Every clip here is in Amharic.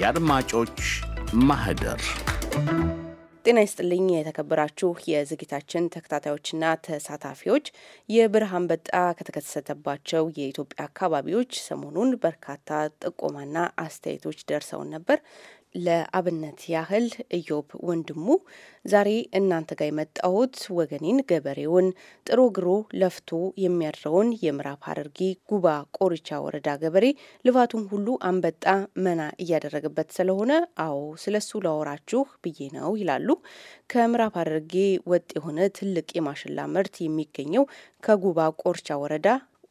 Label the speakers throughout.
Speaker 1: የአድማጮች ማህደር
Speaker 2: ጤና ይስጥልኝ የተከበራችሁ የዝግጅታችን ተከታታዮችና ተሳታፊዎች። የብርሃን አንበጣ ከተከሰተባቸው የኢትዮጵያ አካባቢዎች ሰሞኑን በርካታ ጥቆማና አስተያየቶች ደርሰውን ነበር። ለአብነት ያህል ኢዮብ ወንድሙ ዛሬ እናንተ ጋር የመጣሁት ወገኔን ገበሬውን ጥሮ ግሮ ለፍቶ የሚያድረውን የምዕራብ ሐረርጌ ጉባ ቆርቻ ወረዳ ገበሬ ልፋቱን ሁሉ አንበጣ መና እያደረገበት ስለሆነ አዎ ስለሱ ላወራችሁ ብዬ ነው ይላሉ። ከምዕራብ ሐረርጌ ወጥ የሆነ ትልቅ የማሽላ ምርት የሚገኘው ከጉባ ቆርቻ ወረዳ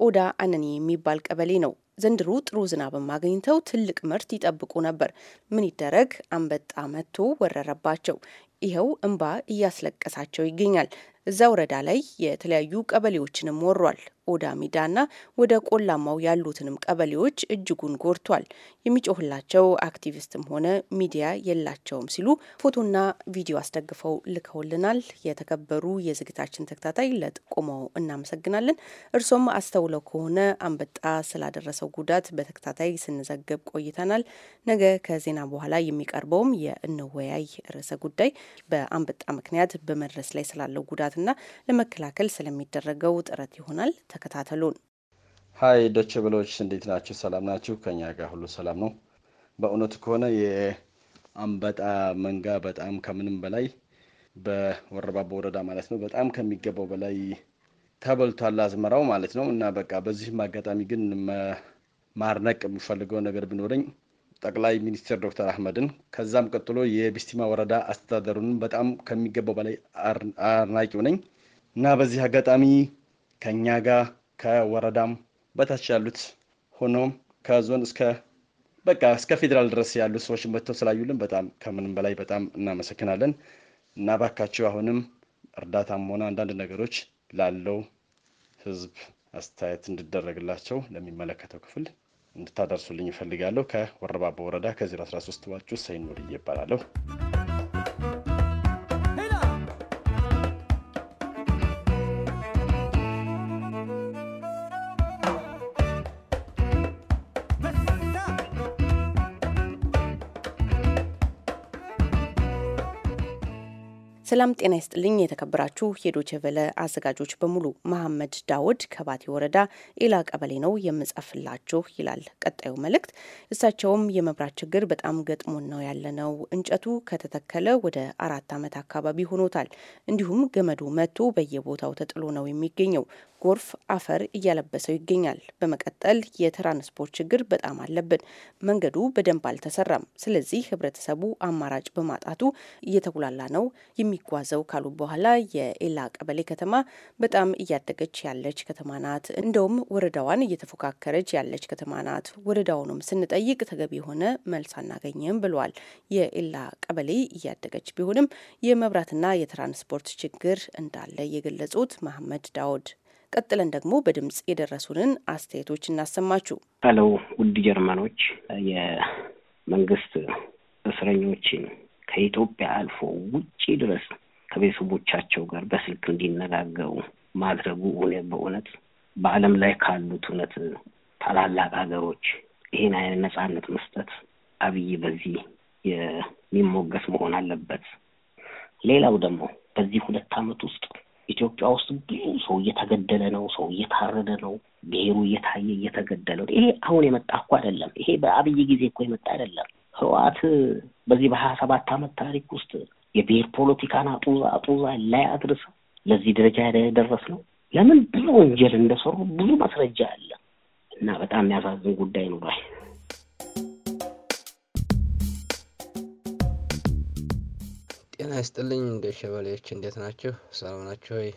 Speaker 2: ኦዳ አነኒ የሚባል ቀበሌ ነው። ዘንድሮ ጥሩ ዝናብም አግኝተው ትልቅ ምርት ይጠብቁ ነበር። ምን ይደረግ አንበጣ መጥቶ ወረረባቸው። ይኸው እንባ እያስለቀሳቸው ይገኛል። እዛ ወረዳ ላይ የተለያዩ ቀበሌዎችንም ወሯል። ኦዳ ሚዳና ወደ ቆላማው ያሉትንም ቀበሌዎች እጅጉን ጎድቷል። የሚጮህላቸው አክቲቪስትም ሆነ ሚዲያ የላቸውም ሲሉ ፎቶና ቪዲዮ አስደግፈው ልከውልናል። የተከበሩ የዝግታችን ተከታታይ ለጥቆማው እናመሰግናለን። እርሶም አስተውለው ከሆነ አንበጣ ስላደረሰው ጉዳት በተከታታይ ስንዘግብ ቆይተናል። ነገ ከዜና በኋላ የሚቀርበውም የእንወያይ ርዕሰ ጉዳይ በአንበጣ ምክንያት በመድረስ ላይ ስላለው ጉዳት ለማጥፋትና ለመከላከል ስለሚደረገው ጥረት ይሆናል። ተከታተሉን።
Speaker 1: ሀይ ዶች ብሎች እንዴት ናችሁ? ሰላም ናችሁ? ከኛ ጋር ሁሉ ሰላም ነው። በእውነቱ ከሆነ የአንበጣ መንጋ በጣም ከምንም በላይ በወረባቦ ወረዳ ማለት ነው በጣም ከሚገባው በላይ ተበልቷል አዝመራው ማለት ነው። እና በቃ በዚህም አጋጣሚ ግን ማርነቅ የምፈልገው ነገር ቢኖረኝ ጠቅላይ ሚኒስትር ዶክተር አህመድን ከዛም ቀጥሎ የቢስቲማ ወረዳ አስተዳደሩን በጣም ከሚገባው በላይ አድናቂው ነኝ እና በዚህ አጋጣሚ ከእኛ ጋር ከወረዳም በታች ያሉት ሆኖም ከዞን እስከ በቃ እስከ ፌዴራል ድረስ ያሉ ሰዎች መጥተው ስላዩልን በጣም ከምንም በላይ በጣም እናመሰግናለን እና ባካችሁ አሁንም እርዳታም ሆነ አንዳንድ ነገሮች ላለው ህዝብ አስተያየት እንዲደረግላቸው ለሚመለከተው ክፍል እንድታደርሱልኝ እፈልጋለሁ። ከወረባቦ ወረዳ ከ013 ዋጩ ሰይኑር ይባላለሁ።
Speaker 2: ሰላም ጤና ይስጥልኝ። የተከበራችሁ የዶቸቨለ አዘጋጆች በሙሉ መሐመድ ዳውድ ከባቴ ወረዳ ኤላ ቀበሌ ነው የምጽፍላችሁ ይላል ቀጣዩ መልእክት። እሳቸውም የመብራት ችግር በጣም ገጥሞን ነው ያለነው። እንጨቱ ከተተከለ ወደ አራት ዓመት አካባቢ ሆኖታል። እንዲሁም ገመዱ መጥቶ በየቦታው ተጥሎ ነው የሚገኘው። ጎርፍ አፈር እያለበሰው ይገኛል። በመቀጠል የትራንስፖርት ችግር በጣም አለብን። መንገዱ በደንብ አልተሰራም። ስለዚህ ህብረተሰቡ አማራጭ በማጣቱ እየተጉላላ ነው የሚጓዘው ካሉ በኋላ የኤላ ቀበሌ ከተማ በጣም እያደገች ያለች ከተማ ናት። እንደውም ወረዳዋን እየተፎካከረች ያለች ከተማ ናት። ወረዳውንም ስንጠይቅ ተገቢ የሆነ መልስ አናገኝም ብሏል። የኤላ ቀበሌ እያደገች ቢሆንም የመብራትና የትራንስፖርት ችግር እንዳለ የገለጹት መሐመድ ዳውድ ቀጥለን ደግሞ በድምጽ የደረሱንን አስተያየቶች እናሰማችሁ።
Speaker 1: ሄሎ ውድ ጀርመኖች፣ የመንግስት እስረኞችን ከኢትዮጵያ አልፎ ውጪ ድረስ ከቤተሰቦቻቸው ጋር
Speaker 3: በስልክ እንዲነጋገሩ ማድረጉ እውነት በእውነት በዓለም ላይ ካሉት እውነት ታላላቅ ሀገሮች ይህን አይነት ነጻነት መስጠት አብይ በዚህ የሚሞገስ መሆን አለበት። ሌላው ደግሞ በዚህ ሁለት ዓመት ውስጥ ኢትዮጵያ ውስጥ ብዙ ሰው እየተገደለ ነው። ሰው እየታረደ ነው። ብሔሩ እየታየ እየተገደለ ነው። ይሄ አሁን የመጣ እኮ አይደለም። ይሄ በአብይ ጊዜ እኮ የመጣ አይደለም። ህወሓት በዚህ በሀያ ሰባት አመት ታሪክ ውስጥ የብሔር ፖለቲካን አጡዛ አጡዛ ላይ አድርሰ ለዚህ ደረጃ ደረስ ነው። ለምን ብዙ ወንጀል እንደሰሩ ብዙ ማስረጃ አለ እና በጣም የሚያሳዝን ጉዳይ ኑሯል።
Speaker 4: ይስጥልኝ እንደ ሸበሌዎች እንዴት ናችሁ? ሰላም ናችሁ ወይ?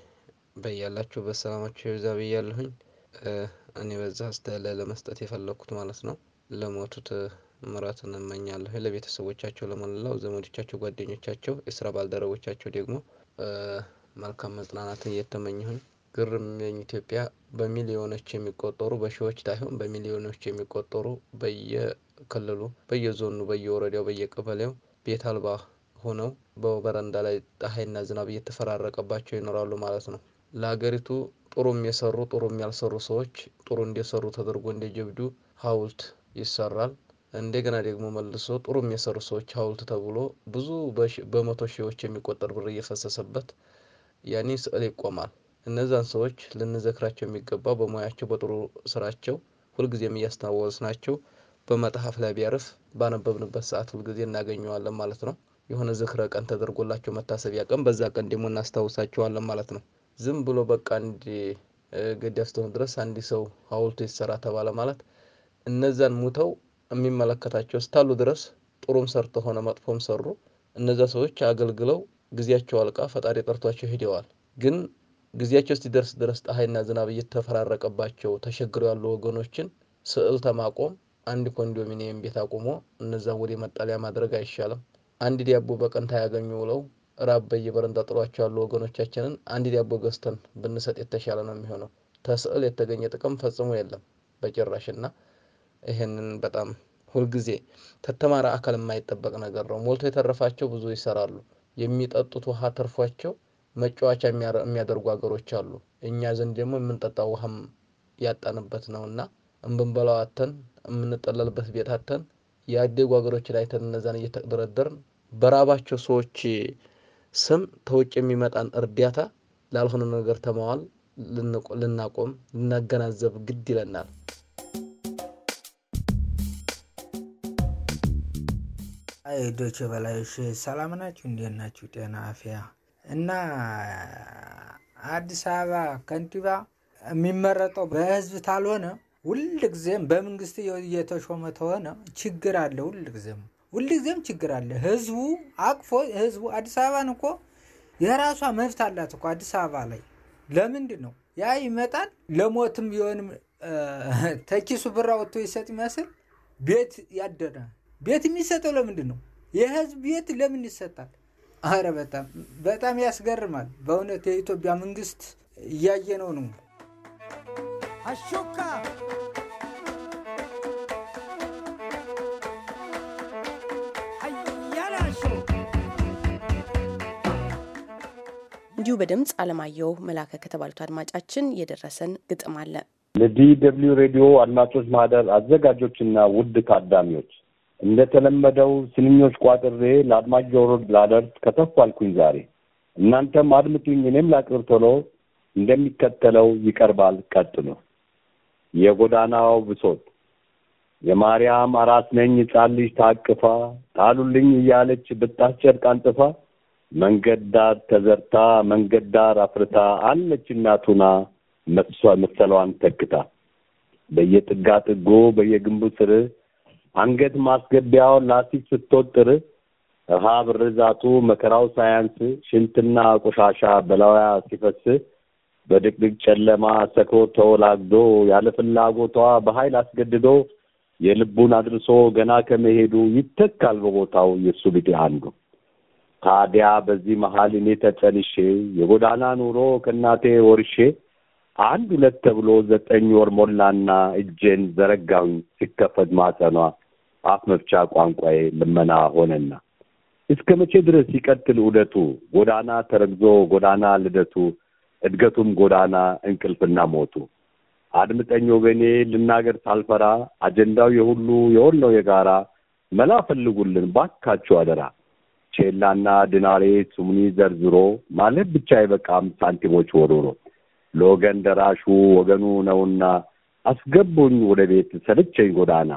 Speaker 4: በያላችሁ በሰላማችሁ ይብዛ ብያለሁኝ። እኔ በዛ አስተያየት ለመስጠት የፈለግኩት ማለት ነው ለሞቱት ምሕረትን እመኛለሁ። ለቤተሰቦቻቸው፣ ለመላው ዘመዶቻቸው፣ ጓደኞቻቸው፣ የስራ ባልደረቦቻቸው ደግሞ መልካም መጽናናትን እየተመኘሁኝ ግርም ኢትዮጵያ በሚሊዮኖች የሚቆጠሩ በሺዎች ሳይሆን በሚሊዮኖች የሚቆጠሩ በየክልሉ፣ በየዞኑ፣ በየወረዳው፣ በየቀበሌው ቤት አልባ ሆነው በበረንዳ ላይ ፀሐይና ዝናብ እየተፈራረቀባቸው ይኖራሉ ማለት ነው። ለሀገሪቱ ጥሩም የሰሩ ጥሩም ያልሰሩ ሰዎች ጥሩ እንደሰሩ ተደርጎ እንደ ጀብዱ ይሰራል። እንደገና ደግሞ መልሶ ጥሩም የሰሩ ሰዎች ሀውልት ተብሎ ብዙ በመቶ ሺዎች የሚቆጠር ብር እየፈሰሰበት ያኔ ስዕል ይቆማል። እነዛን ሰዎች ልንዘክራቸው የሚገባ በሙያቸው በጥሩ ስራቸው ሁልጊዜም እያስታወስናቸው በመጽሐፍ ላይ ቢያርፍ ባነበብንበት ሰዓት ሁልጊዜ እናገኘዋለን ማለት ነው። የሆነ ዝክረ ቀን ተደርጎላቸው መታሰቢያ ቀን በዛ ቀን ደግሞ እናስታውሳቸዋለን ማለት ነው። ዝም ብሎ በቃ አንድ ገዳይ እስከሆነ ድረስ አንድ ሰው ሀውልቱ ይሰራ ተባለ ማለት እነዛን ሙተው የሚመለከታቸው እስካሉ ድረስ ጥሩም ሰርተ ሆነ መጥፎም ሰሩ እነዛ ሰዎች አገልግለው ጊዜያቸው አልቃ ፈጣሪ ጠርቷቸው ሄደዋል። ግን ጊዜያቸው እስኪደርስ ድረስ ፀሐይና ዝናብ እየተፈራረቀባቸው ተቸግረው ያሉ ወገኖችን ስዕል ተማቆም አንድ ኮንዶሚኒየም ቤት አቁሞ እነዛን ወደ መጠለያ ማድረግ አይሻልም? አንድ ዲያቦ በቀን ታያገኙ ውለው ራብ በየበረንዳ ጥሏቸው ያሉ ወገኖቻችንን አንድ ዲያቦ ገዝተን ብንሰጥ የተሻለ ነው የሚሆነው። ተስዕል የተገኘ ጥቅም ፈጽሞ የለም በጭራሽና ይህንን በጣም ሁልጊዜ ተተማረ አካል የማይጠበቅ ነገር ነው። ሞልቶ የተረፋቸው ብዙ ይሰራሉ። የሚጠጡት ውሃ ተርፏቸው መጫወቻ የሚያደርጉ ሀገሮች አሉ። እኛ ዘንድ ደግሞ የምንጠጣው ውሃም ያጣንበት ነውና እምብንበላው አተን የምንጠለልበት ቤት አተን የአደጉ ሀገሮች ላይ እነዛን እየተደረደርን በራባቸው ሰዎች ስም ከውጭ የሚመጣን እርዳታ ላልሆነ ነገር ተማዋል ልናቆም ልናገናዘብ ግድ ይለናል። ዶች በላዮች ሰላም ናችሁ? እንዴት ናችሁ? ጤና አፍያ እና አዲስ አበባ ከንቲባ የሚመረጠው በህዝብ ታልሆነ ሁል ጊዜም በመንግስት እየተሾመ ተሆነ ችግር አለ ሁል ጊዜም ሁልጊዜም ችግር አለ። ህዝቡ አቅፎ ህዝቡ አዲስ አበባን እኮ የራሷ መብት አላት እኮ አዲስ አበባ ላይ ለምንድን ነው ያ ይመጣል ለሞትም ቢሆንም ተኪሱ ብር አውጥቶ ይሰጥ ይመስል ቤት ያደረ ቤት የሚሰጠው ለምንድን ነው? የህዝብ ቤት ለምን ይሰጣል? አረ በጣም በጣም ያስገርማል በእውነት የኢትዮጵያ መንግስት እያየ ነው ነው አሾካ
Speaker 2: እንዲሁ በድምፅ አለማየሁ መላከ ከተባሉት አድማጫችን የደረሰን ግጥም አለ።
Speaker 1: ለዲደብሊው ሬዲዮ አድማጮች ማህደር አዘጋጆችና ውድ ታዳሚዎች እንደተለመደው ስንኞች ቋጥሬ ለአድማጭ ጆሮ ላደርስ ከተፏልኩኝ ዛሬ። እናንተም አድምጡኝ እኔም ላቅርብ ቶሎ እንደሚከተለው ይቀርባል ቀጥሎ። የጎዳናው ብሶት የማርያም አራስ ነኝ ሕፃን ልጅ ታቅፋ ታሉልኝ እያለች ብጣት ጨርቅ አንጥፋ መንገድ ዳር ተዘርታ መንገድ ዳር አፍርታ አለች እናቱና መሰሏን ተክታ በየጥጋ ጥጎ በየግንቡ ስር አንገት ማስገቢያው ላሲት ስትወጥር ረሃብ ርዛቱ መከራው ሳያንስ ሽንትና ቆሻሻ በላዋያ ሲፈስ በድቅድቅ ጨለማ ሰክሮ ተወላግዶ ያለ ፍላጎቷ በኃይል አስገድዶ የልቡን አድርሶ ገና ከመሄዱ ይተካል በቦታው የእሱ ቢጤ አንዱ ታዲያ በዚህ መሀል እኔ ተጸንሼ የጎዳና ኑሮ ከእናቴ ወርሼ አንድ ሁለት ተብሎ ዘጠኝ ወር ሞላና እጄን ዘረጋሁኝ ሲከፈት ማጸኗ አፍ መፍቻ ቋንቋዬ ልመና ሆነና እስከ መቼ ድረስ ይቀጥል ውደቱ ጎዳና ተረግዞ ጎዳና ልደቱ እድገቱም ጎዳና እንቅልፍና ሞቱ አድምጠኝ ወገኔ ልናገር ሳልፈራ አጀንዳው የሁሉ የወል የጋራ መላ ፈልጉልን ባካችሁ አደራ ቼላና ድናሬ ሱሙኒ ዘርዝሮ ማለት ብቻ የበቃም ሳንቲሞች ወሮ ነው። ለወገን ደራሹ ወገኑ ነውና አስገቡኝ ወደ ቤት ሰለቸኝ ጎዳና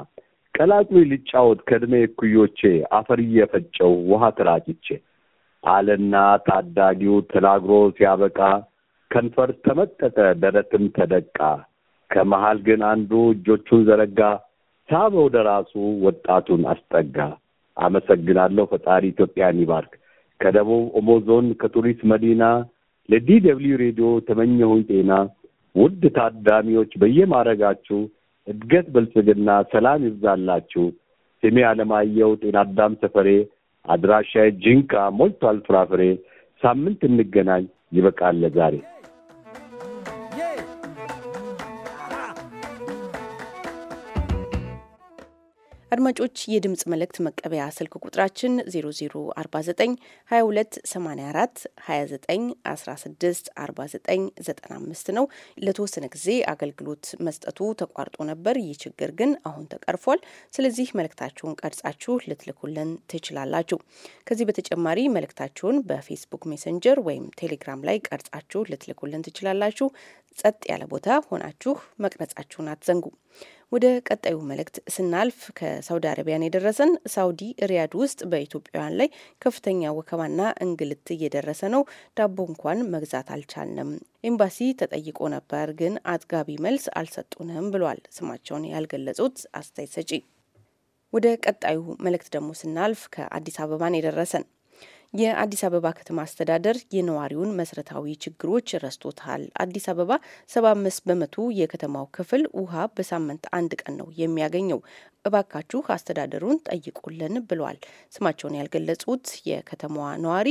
Speaker 1: ቀላጩ ልጫወት ከእድሜ እኩዮቼ አፈር እየፈጨው ውሃ ትራጭቼ አለና ታዳጊው ተናግሮ ሲያበቃ ከንፈር ተመጠጠ ደረትም ተደቃ። ከመሃል ግን አንዱ እጆቹን ዘረጋ ሳበው ደራሱ ወጣቱን አስጠጋ። አመሰግናለሁ። ፈጣሪ ኢትዮጵያን ይባርክ። ከደቡብ ኦሞ ዞን ከቱሪስት መዲና ለዲ ደብልዩ ሬዲዮ ተመኘሁኝ ጤና። ውድ ታዳሚዎች በየማረጋችሁ እድገት፣ ብልጽግና፣ ሰላም ይብዛላችሁ። ስሜ አለማየሁ ጤና አዳም ሰፈሬ፣ አድራሻ ጂንካ ሞልቷል ፍራፍሬ። ሳምንት እንገናኝ። ይበቃል ለዛሬ።
Speaker 2: አድማጮች የድምፅ መልእክት መቀበያ ስልክ ቁጥራችን 0049 22 84 29 16 49 95 ነው። ለተወሰነ ጊዜ አገልግሎት መስጠቱ ተቋርጦ ነበር። ይህ ችግር ግን አሁን ተቀርፏል። ስለዚህ መልእክታችሁን ቀርጻችሁ ልትልኩልን ትችላላችሁ። ከዚህ በተጨማሪ መልእክታችሁን በፌስቡክ ሜሰንጀር ወይም ቴሌግራም ላይ ቀርጻችሁ ልትልኩልን ትችላላችሁ። ጸጥ ያለ ቦታ ሆናችሁ መቅረጻችሁን አትዘንጉ። ወደ ቀጣዩ መልእክት ስናልፍ ከሳውዲ አረቢያን የደረሰን ሳውዲ ሪያድ ውስጥ በኢትዮጵያውያን ላይ ከፍተኛ ወከባና እንግልት እየደረሰ ነው። ዳቦ እንኳን መግዛት አልቻልንም። ኤምባሲ ተጠይቆ ነበር፣ ግን አጥጋቢ መልስ አልሰጡንም ብሏል ስማቸውን ያልገለጹት አስተያየት ሰጪ። ወደ ቀጣዩ መልእክት ደግሞ ስናልፍ ከአዲስ አበባን የደረሰን የአዲስ አበባ ከተማ አስተዳደር የነዋሪውን መሰረታዊ ችግሮች ረስቶታል። አዲስ አበባ 75 በመቶ የከተማው ክፍል ውሃ በሳምንት አንድ ቀን ነው የሚያገኘው። እባካችሁ አስተዳደሩን ጠይቁልን ብሏል። ስማቸውን ያልገለጹት የከተማዋ ነዋሪ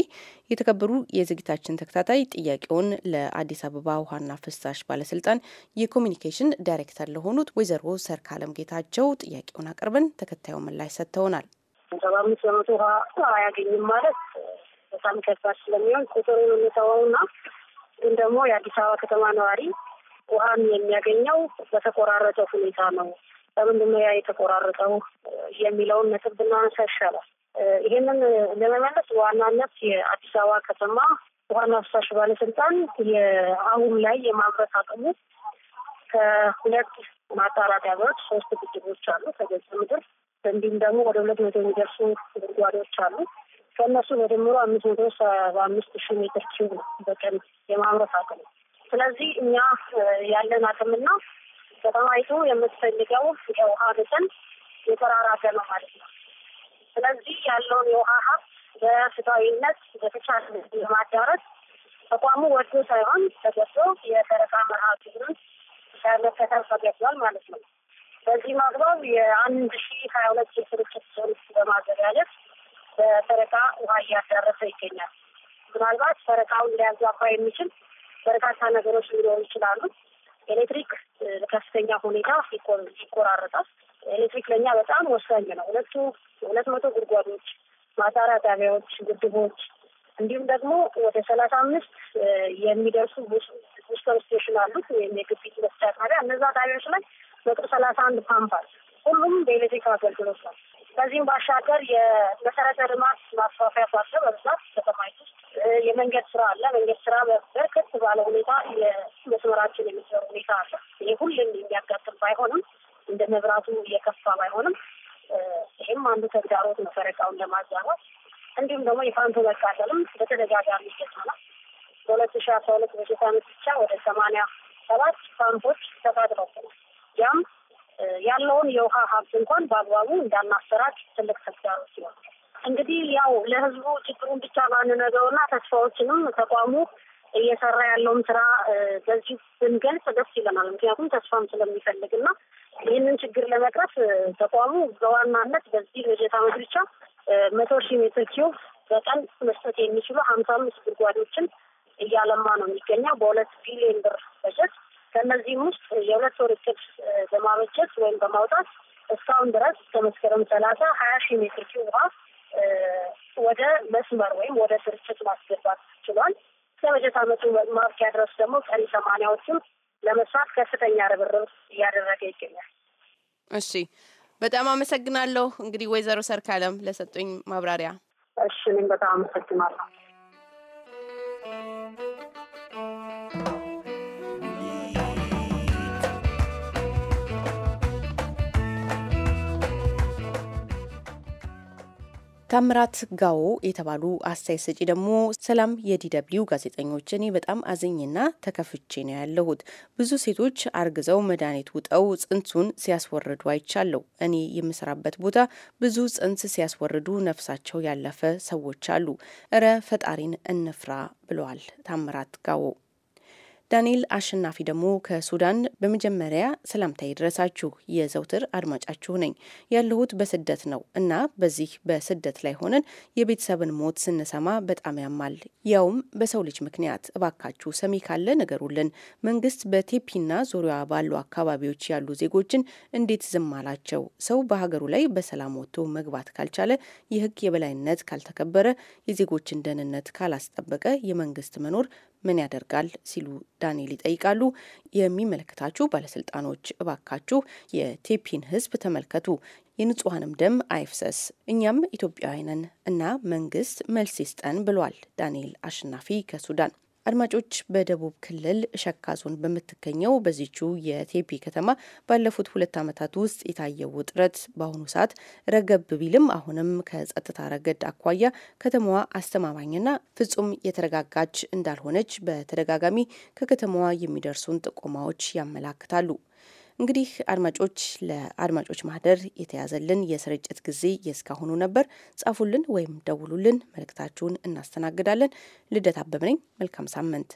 Speaker 2: የተከበሩ የዝግታችን ተከታታይ ጥያቄውን ለአዲስ አበባ ውሃና ፍሳሽ ባለስልጣን የኮሚኒኬሽን ዳይሬክተር ለሆኑት ወይዘሮ ሰርካለም ጌታቸው ጥያቄውን አቅርበን ተከታዩ ምላሽ ሰጥተውናል።
Speaker 3: ሰባ አምስት በመቶ ውሃ አያገኝም ማለት በጣም ከባድ ስለሚሆን ቁጥሩን የሚተወውና ግን ደግሞ የአዲስ አበባ ከተማ ነዋሪ ውሃን የሚያገኘው በተቆራረጠ ሁኔታ ነው። ለምንድን ነው ያ የተቆራረጠው የሚለውን ነጥብ ብናነሳ ይሻላል። ይህንን ለመመለስ ዋናነት የአዲስ አበባ ከተማ ውሃና ፍሳሽ ባለስልጣን የአሁን ላይ የማምረት አቅሙ ከሁለት ማጣራት ያበሮች ሶስት ግድቦች አሉ ከገጽ ምድር እንዲሁም ደግሞ ወደ ሁለት መቶ የሚደርሱ ጉድጓዶች አሉ። ከእነሱ በድምሮ አምስት መቶ ሰባ አምስት ሺህ ሜትር ኪዩብ በቀን የማምረት አቅም። ስለዚህ እኛ ያለን አቅምና ከተማይቱ የምትፈልገው የውሃ መጠን የተራራቀ ነው ማለት ነው። ስለዚህ ያለውን የውሃ ሀብት በፍትሐዊነት በተቻለ ለማዳረስ ተቋሙ ወዶ ሳይሆን ተገዶ የፈረቃ መርሃ ግብርን ከመከተል ተገዷል ማለት ነው። በዚህ ማግባብ የአንድ ሺ ሀያ ሁለት የስርጭት ፖሊሲ በማዘጋጀት በፈረቃ ውሃ እያዳረሰ ይገኛል። ምናልባት ፈረቃውን ሊያዛባ የሚችል በርካታ ነገሮች ሊኖሩ ይችላሉ። ኤሌክትሪክ በከፍተኛ ሁኔታ ይቆራረጣል። ኤሌክትሪክ ለእኛ በጣም ወሳኝ ነው። ሁለቱ ሁለት መቶ ጉድጓዶች፣ ማጣሪያ ጣቢያዎች፣ ግድቦች እንዲሁም ደግሞ ወደ ሰላሳ አምስት የሚደርሱ ቡስተር ስቴሽን አሉት ወይም የግፊት መስጫ ጣቢያ እነዛ ጣቢያዎች ላይ መቶ ሰላሳ አንድ ፓምፓስ ሁሉም በኤሌክትሪክ አገልግሎት ነው። በዚህም ባሻገር የመሰረተ ልማት ማስፋፊያ ፓርክ በብዛት ከተማይቱ ውስጥ የመንገድ ስራ አለ። መንገድ ስራ በርከት ባለ ሁኔታ የመስመራችን የሚሰሩ ሁኔታ አለ። ይህ ሁሉም የሚያጋጥም ባይሆንም እንደ መብራቱ እየከፋ ባይሆንም ይህም አንዱ ተግዳሮት ነው ፈረቃውን ለማዛባት እንዲሁም ደግሞ የፋንቶ መቃጠልም በተደጋጋሚ ይገጥመናል። በሁለት ሺ አስራ ሁለት በጀት አመት ብቻ ወደ ሰማንያ ሰባት ፓምፖች ተቃጥለው ያለውን የውሃ ሀብት እንኳን በአግባቡ እንዳናሰራጭ ትልቅ ተግዳሮት ሲሆን እንግዲህ ያው ለህዝቡ ችግሩን ብቻ ባንነገውና ተስፋዎችንም ተቋሙ እየሰራ ያለውን ስራ በዚህ ብንገልጽ ደስ ይለናል። ምክንያቱም ተስፋም ስለሚፈልግና ይህንን ችግር ለመቅረፍ ተቋሙ በዋናነት በዚህ በጀት ዓመት ብቻ መቶ ሺህ ሜትር ኪዩብ በቀን መስጠት የሚችሉ ሀምሳ አምስት ጉድጓዶችን እያለማ ነው የሚገኘው በሁለት ቢሊዮን ብር በጀት ከእነዚህ ውስጥ የሁለት ወር እቅድ በማበጀት ወይም በማውጣት እስካሁን ድረስ ከመስከረም ሰላሳ ሀያ ሺህ ሜትር ኪ ውሃ ወደ መስመር ወይም ወደ ስርጭት ማስገባት ችሏል። እስከ በጀት አመቱ ማብቂያ ድረስ ደግሞ ቀሪ ሰማንያዎችም ለመስራት ከፍተኛ ርብርብ እያደረገ ይገኛል።
Speaker 2: እሺ፣ በጣም አመሰግናለሁ። እንግዲህ ወይዘሮ ሰርካለም ለሰጡኝ ማብራሪያ።
Speaker 3: እሺ፣ እኔም በጣም አመሰግናለሁ።
Speaker 2: ታምራት ጋዎ የተባሉ አስተያየት ሰጪ ደግሞ ሰላም የዲደብሊው ጋዜጠኞች፣ እኔ በጣም አዝኝና ተከፍቼ ነው ያለሁት። ብዙ ሴቶች አርግዘው መድኃኒት ውጠው ጽንሱን ሲያስወርዱ አይቻለሁ። እኔ የምሰራበት ቦታ ብዙ ጽንስ ሲያስወርዱ ነፍሳቸው ያለፈ ሰዎች አሉ። እረ ፈጣሪን እንፍራ ብለዋል ታምራት ጋዎ። ዳንኤል አሸናፊ ደግሞ ከሱዳን በመጀመሪያ ሰላምታ ይድረሳችሁ። የዘውትር አድማጫችሁ ነኝ። ያለሁት በስደት ነው እና በዚህ በስደት ላይ ሆነን የቤተሰብን ሞት ስንሰማ በጣም ያማል፣ ያውም በሰው ልጅ ምክንያት። እባካችሁ ሰሚ ካለ ነገሩልን። መንግስት በቴፒና ዙሪያ ባሉ አካባቢዎች ያሉ ዜጎችን እንዴት ዝም አላቸው? ሰው በሀገሩ ላይ በሰላም ወጥቶ መግባት ካልቻለ፣ የህግ የበላይነት ካልተከበረ፣ የዜጎችን ደህንነት ካላስጠበቀ የመንግስት መኖር ምን ያደርጋል ሲሉ ዳንኤል ይጠይቃሉ። የሚመለከታችሁ ባለስልጣኖች እባካችሁ የቴፒን ህዝብ ተመልከቱ፣ የንጹሐንም ደም አይፍሰስ፣ እኛም ኢትዮጵያውያንን እና መንግስት መልስ ይስጠን ብሏል ዳንኤል አሸናፊ ከሱዳን። አድማጮች በደቡብ ክልል ሸካ ዞን በምትገኘው በዚቹ የቴፒ ከተማ ባለፉት ሁለት ዓመታት ውስጥ የታየው ውጥረት በአሁኑ ሰዓት ረገብ ቢልም አሁንም ከጸጥታ ረገድ አኳያ ከተማዋ አስተማማኝና ፍጹም የተረጋጋች እንዳልሆነች በተደጋጋሚ ከከተማዋ የሚደርሱን ጥቆማዎች ያመላክታሉ። እንግዲህ አድማጮች ለአድማጮች ማህደር የተያዘልን የስርጭት ጊዜ የእስካሁኑ ነበር። ጻፉልን ወይም ደውሉልን፣ መልእክታችሁን እናስተናግዳለን። ልደት አበብነኝ ነኝ። መልካም ሳምንት።